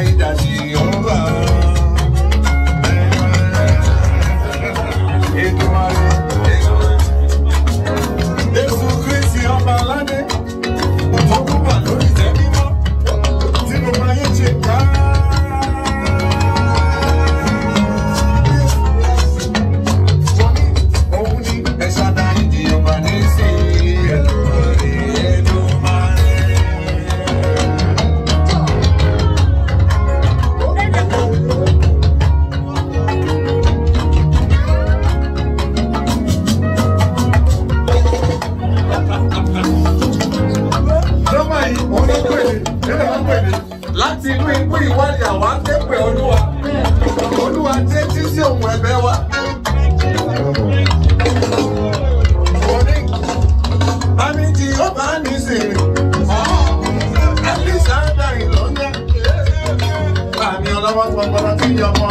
ainda diz. ọ̀rọ̀ ẹgbẹ́ wa. Orí àmì tí ó bá ní sèrè. Àlìsá dàrí lọ́nà. Àmì ọlọ́wọ́ gbọ́ngbọ́n ti yọ ọmọ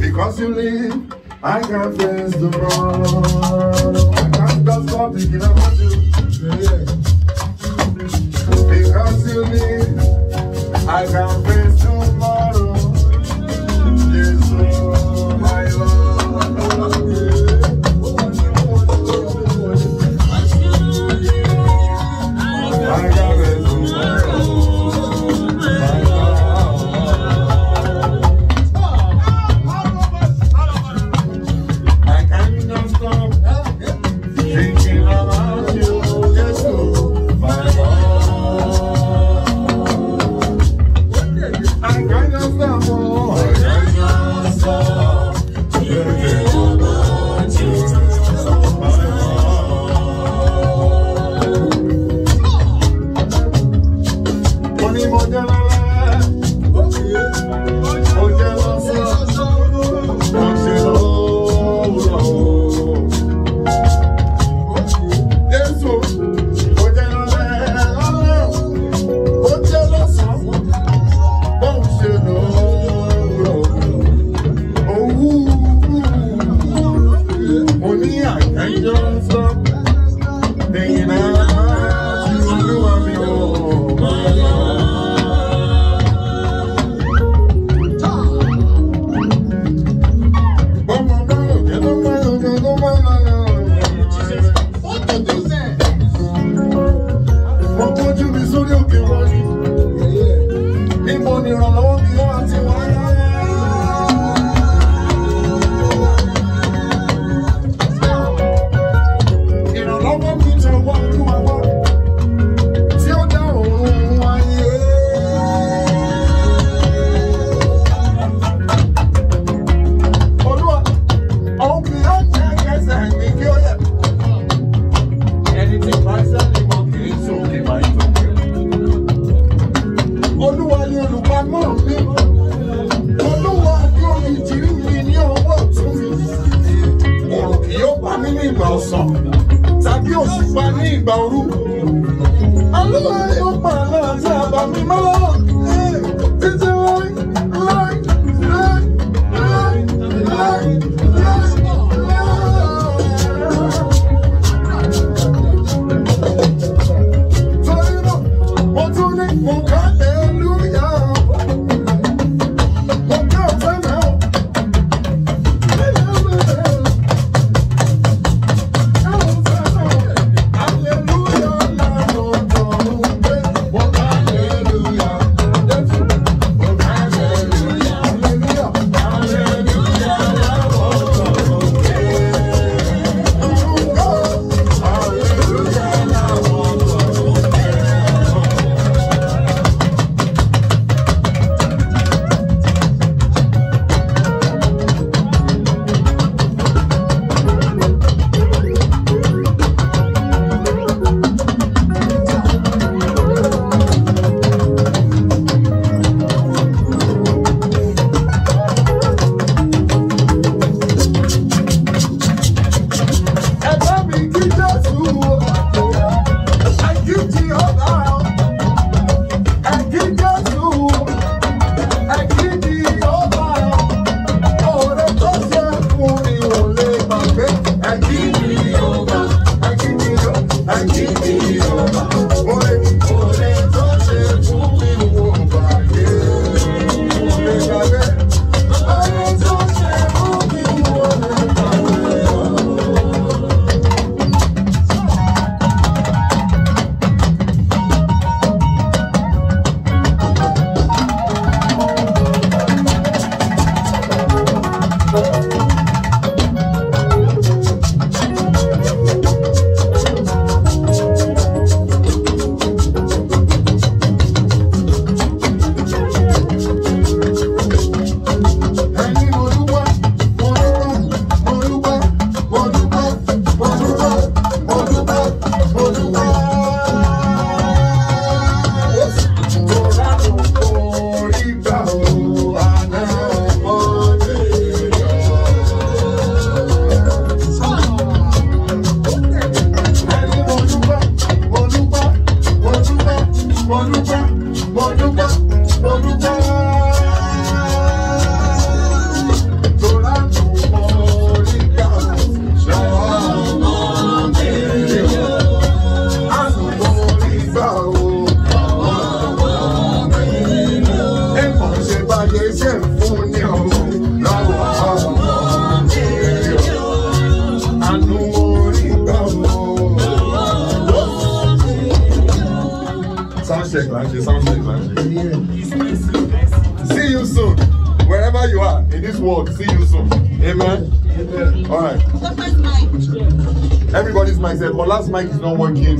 Because you leave, I can't face the I can't just stop thinking about you. Because you leave, I can't mo dé lọ́lẹ́. well, last mic is not working.